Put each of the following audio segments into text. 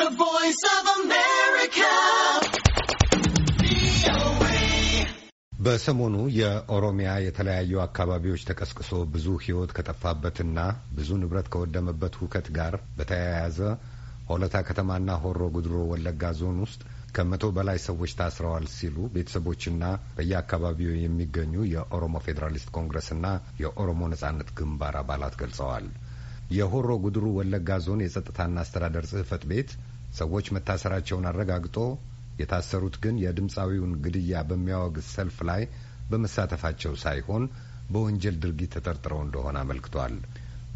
The Voice of America. በሰሞኑ የኦሮሚያ የተለያዩ አካባቢዎች ተቀስቅሶ ብዙ ሕይወት ከጠፋበትና ብዙ ንብረት ከወደመበት ሁከት ጋር በተያያዘ ሆለታ ከተማና ሆሮ ጉድሮ ወለጋ ዞን ውስጥ ከመቶ በላይ ሰዎች ታስረዋል ሲሉ ቤተሰቦችና በየአካባቢው የሚገኙ የኦሮሞ ፌዴራሊስት ኮንግረስና የኦሮሞ ነጻነት ግንባር አባላት ገልጸዋል። የሆሮ ጉድሩ ወለጋ ዞን የጸጥታና አስተዳደር ጽህፈት ቤት ሰዎች መታሰራቸውን አረጋግጦ የታሰሩት ግን የድምፃዊውን ግድያ በሚያወግዝ ሰልፍ ላይ በመሳተፋቸው ሳይሆን በወንጀል ድርጊት ተጠርጥረው እንደሆነ አመልክቷል።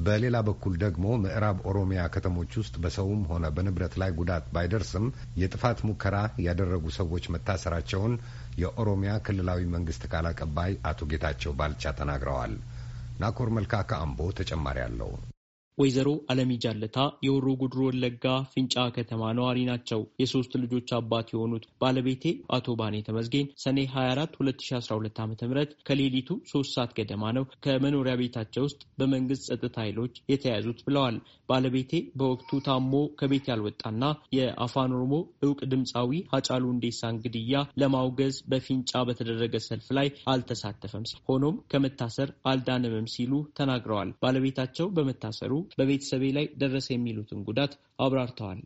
በሌላ በኩል ደግሞ ምዕራብ ኦሮሚያ ከተሞች ውስጥ በሰውም ሆነ በንብረት ላይ ጉዳት ባይደርስም የጥፋት ሙከራ ያደረጉ ሰዎች መታሰራቸውን የኦሮሚያ ክልላዊ መንግስት ቃል አቀባይ አቶ ጌታቸው ባልቻ ተናግረዋል። ናኮር መልካ ከአምቦ ተጨማሪ አለው። ወይዘሮ አለሚ ጃለታ የወሮ ጉድሮ ወለጋ ፍንጫ ከተማ ነዋሪ ናቸው። የሶስት ልጆች አባት የሆኑት ባለቤቴ አቶ ባኔ ተመዝጌን ሰኔ 24 2012 ዓ ም ከሌሊቱ ሶስት ሰዓት ገደማ ነው ከመኖሪያ ቤታቸው ውስጥ በመንግስት ጸጥታ ኃይሎች የተያዙት ብለዋል። ባለቤቴ በወቅቱ ታሞ ከቤት ያልወጣና የአፋን ኦሮሞ እውቅ ድምፃዊ ሀጫሉ ሁንዴሳን ግድያ ለማውገዝ በፊንጫ በተደረገ ሰልፍ ላይ አልተሳተፈም። ሆኖም ከመታሰር አልዳነምም ሲሉ ተናግረዋል። ባለቤታቸው በመታሰሩ በቤተሰቤ ላይ ደረሰ የሚሉትን ጉዳት አብራርተዋል።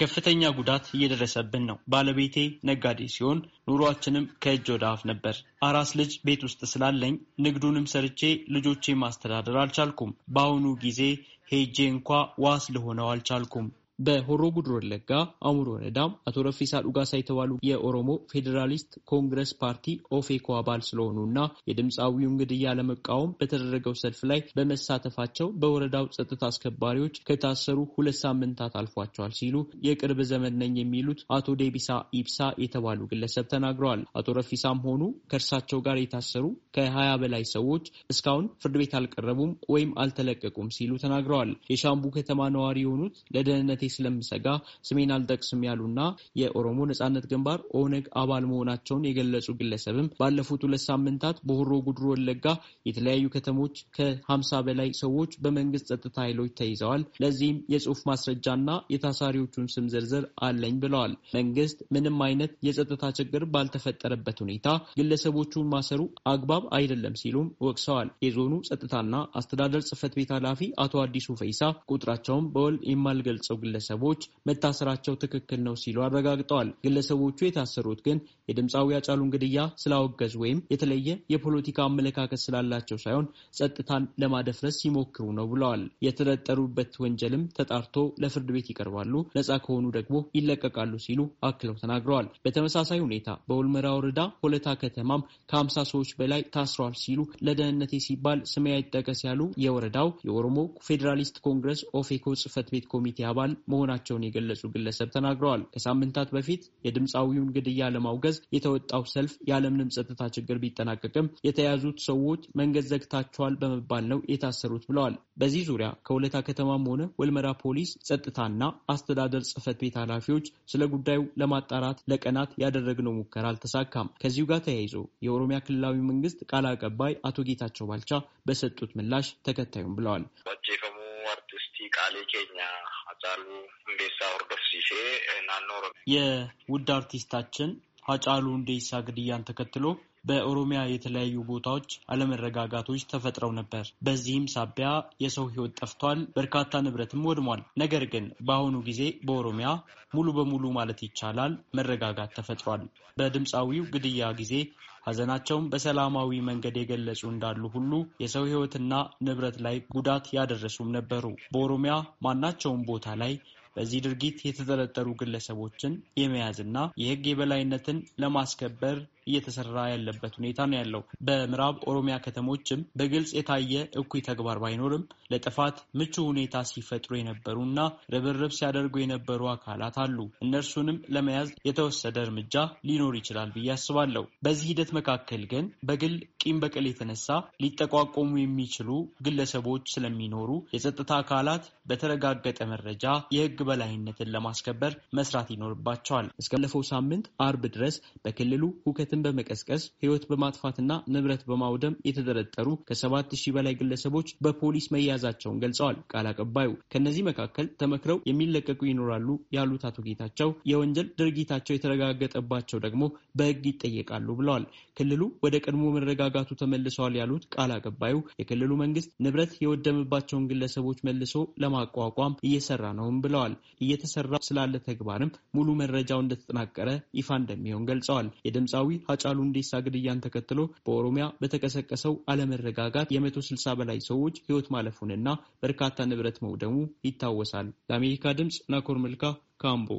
ከፍተኛ ጉዳት እየደረሰብን ነው። ባለቤቴ ነጋዴ ሲሆን ኑሯችንም ከእጅ ወደ አፍ ነበር። አራስ ልጅ ቤት ውስጥ ስላለኝ ንግዱንም ሰርቼ ልጆቼ ማስተዳደር አልቻልኩም። በአሁኑ ጊዜ ሄጄ እንኳ ዋስ ልሆነው አልቻልኩም። በሆሮ ጉድሮ ወለጋ አሙር ወረዳም አቶ ረፊሳ ዱጋሳ የተባሉ የኦሮሞ ፌዴራሊስት ኮንግረስ ፓርቲ ኦፌኮ አባል ስለሆኑና የድምፃዊውን ግድያ ለመቃወም በተደረገው ሰልፍ ላይ በመሳተፋቸው በወረዳው ጸጥታ አስከባሪዎች ከታሰሩ ሁለት ሳምንታት አልፏቸዋል ሲሉ የቅርብ ዘመን ነኝ የሚሉት አቶ ዴቢሳ ኢብሳ የተባሉ ግለሰብ ተናግረዋል። አቶ ረፊሳም ሆኑ ከእርሳቸው ጋር የታሰሩ ከሀያ በላይ ሰዎች እስካሁን ፍርድ ቤት አልቀረቡም ወይም አልተለቀቁም ሲሉ ተናግረዋል። የሻምቡ ከተማ ነዋሪ የሆኑት ለደህንነት ስለምሰጋ ስሜን አልጠቅስም ያሉና የኦሮሞ ነጻነት ግንባር ኦነግ አባል መሆናቸውን የገለጹ ግለሰብም ባለፉት ሁለት ሳምንታት በሆሮ ጉድሮ ወለጋ የተለያዩ ከተሞች ከሀምሳ በላይ ሰዎች በመንግስት ጸጥታ ኃይሎች ተይዘዋል። ለዚህም የጽሁፍ ማስረጃና የታሳሪዎቹን ስም ዝርዝር አለኝ ብለዋል። መንግስት ምንም አይነት የጸጥታ ችግር ባልተፈጠረበት ሁኔታ ግለሰቦቹን ማሰሩ አግባብ አይደለም ሲሉም ወቅሰዋል። የዞኑ ጸጥታና አስተዳደር ጽህፈት ቤት ኃላፊ አቶ አዲሱ ፈይሳ ቁጥራቸውን በወል የማልገልጸው ግለ ግለሰቦች መታሰራቸው ትክክል ነው ሲሉ አረጋግጠዋል። ግለሰቦቹ የታሰሩት ግን የድምፃዊ አጫሉን ግድያ ስላወገዙ ወይም የተለየ የፖለቲካ አመለካከት ስላላቸው ሳይሆን ጸጥታን ለማደፍረስ ሲሞክሩ ነው ብለዋል። የተጠረጠሩበት ወንጀልም ተጣርቶ ለፍርድ ቤት ይቀርባሉ፣ ነጻ ከሆኑ ደግሞ ይለቀቃሉ ሲሉ አክለው ተናግረዋል። በተመሳሳይ ሁኔታ በውልመራ ወረዳ ሆለታ ከተማም ከሀምሳ ሰዎች በላይ ታስረዋል ሲሉ ለደህንነቴ ሲባል ስሜ አይጠቀስ ያሉ የወረዳው የኦሮሞ ፌዴራሊስት ኮንግረስ ኦፌኮ ጽህፈት ቤት ኮሚቴ አባል መሆናቸውን የገለጹ ግለሰብ ተናግረዋል። ከሳምንታት በፊት የድምፃዊውን ግድያ ለማውገዝ የተወጣው ሰልፍ የዓለምንም ጸጥታ ችግር ቢጠናቀቅም የተያዙት ሰዎች መንገድ ዘግታቸዋል በመባል ነው የታሰሩት ብለዋል። በዚህ ዙሪያ ከሁለታ ከተማም ሆነ ወልመራ ፖሊስ ጸጥታና አስተዳደር ጽህፈት ቤት ኃላፊዎች ስለ ጉዳዩ ለማጣራት ለቀናት ያደረግነው ሙከራ አልተሳካም። ከዚሁ ጋር ተያይዞ የኦሮሚያ ክልላዊ መንግስት ቃል አቀባይ አቶ ጌታቸው ባልቻ በሰጡት ምላሽ ተከታዩም ብለዋል። የውድ አርቲስታችን ሀጫሉ ሁንዴሳ ግድያን ተከትሎ በኦሮሚያ የተለያዩ ቦታዎች አለመረጋጋቶች ተፈጥረው ነበር። በዚህም ሳቢያ የሰው ህይወት ጠፍቷል፣ በርካታ ንብረትም ወድሟል። ነገር ግን በአሁኑ ጊዜ በኦሮሚያ ሙሉ በሙሉ ማለት ይቻላል መረጋጋት ተፈጥሯል። በድምፃዊው ግድያ ጊዜ ሐዘናቸውን በሰላማዊ መንገድ የገለጹ እንዳሉ ሁሉ የሰው ህይወትና ንብረት ላይ ጉዳት ያደረሱም ነበሩ። በኦሮሚያ ማናቸውም ቦታ ላይ በዚህ ድርጊት የተጠረጠሩ ግለሰቦችን የመያዝና የህግ የበላይነትን ለማስከበር እየተሰራ ያለበት ሁኔታ ነው ያለው። በምዕራብ ኦሮሚያ ከተሞችም በግልጽ የታየ እኩይ ተግባር ባይኖርም ለጥፋት ምቹ ሁኔታ ሲፈጥሩ የነበሩና ርብርብ ሲያደርጉ የነበሩ አካላት አሉ። እነርሱንም ለመያዝ የተወሰደ እርምጃ ሊኖር ይችላል ብዬ አስባለሁ። በዚህ ሂደት መካከል ግን በግል ቂም በቀል የተነሳ ሊጠቋቆሙ የሚችሉ ግለሰቦች ስለሚኖሩ የጸጥታ አካላት በተረጋገጠ መረጃ የህግ በላይነትን ለማስከበር መስራት ይኖርባቸዋል። እስካለፈው ሳምንት አርብ ድረስ በክልሉ ሁከትን በመቀስቀስ ህይወት በማጥፋትና ንብረት በማውደም የተጠረጠሩ ከሰባት ሺህ በላይ ግለሰቦች በፖሊስ መያዛቸውን ገልጸዋል ቃል አቀባዩ። ከእነዚህ መካከል ተመክረው የሚለቀቁ ይኖራሉ ያሉት አቶ ጌታቸው የወንጀል ድርጊታቸው የተረጋገጠባቸው ደግሞ በህግ ይጠየቃሉ ብለዋል። ክልሉ ወደ ቀድሞ መረጋጋቱ ተመልሰዋል ያሉት ቃል አቀባዩ የክልሉ መንግስት ንብረት የወደመባቸውን ግለሰቦች መልሶ ለማቋቋም እየሰራ ነውም ብለዋል። እየተሰራ ስላለ ተግባርም ሙሉ መረጃው እንደተጠናቀረ ይፋ እንደሚሆን ገልጸዋል። የድምፃዊ ሀጫሉ ሁንዴሳ ግድያን ተከትሎ በኦሮሚያ በተቀሰቀሰው አለመረጋጋት የመቶ ስልሳ በላይ ሰዎች ህይወት ማለፉንና በርካታ ንብረት መውደሙ ይታወሳል። ለአሜሪካ ድምፅ ናኮር መልካ ካምቦ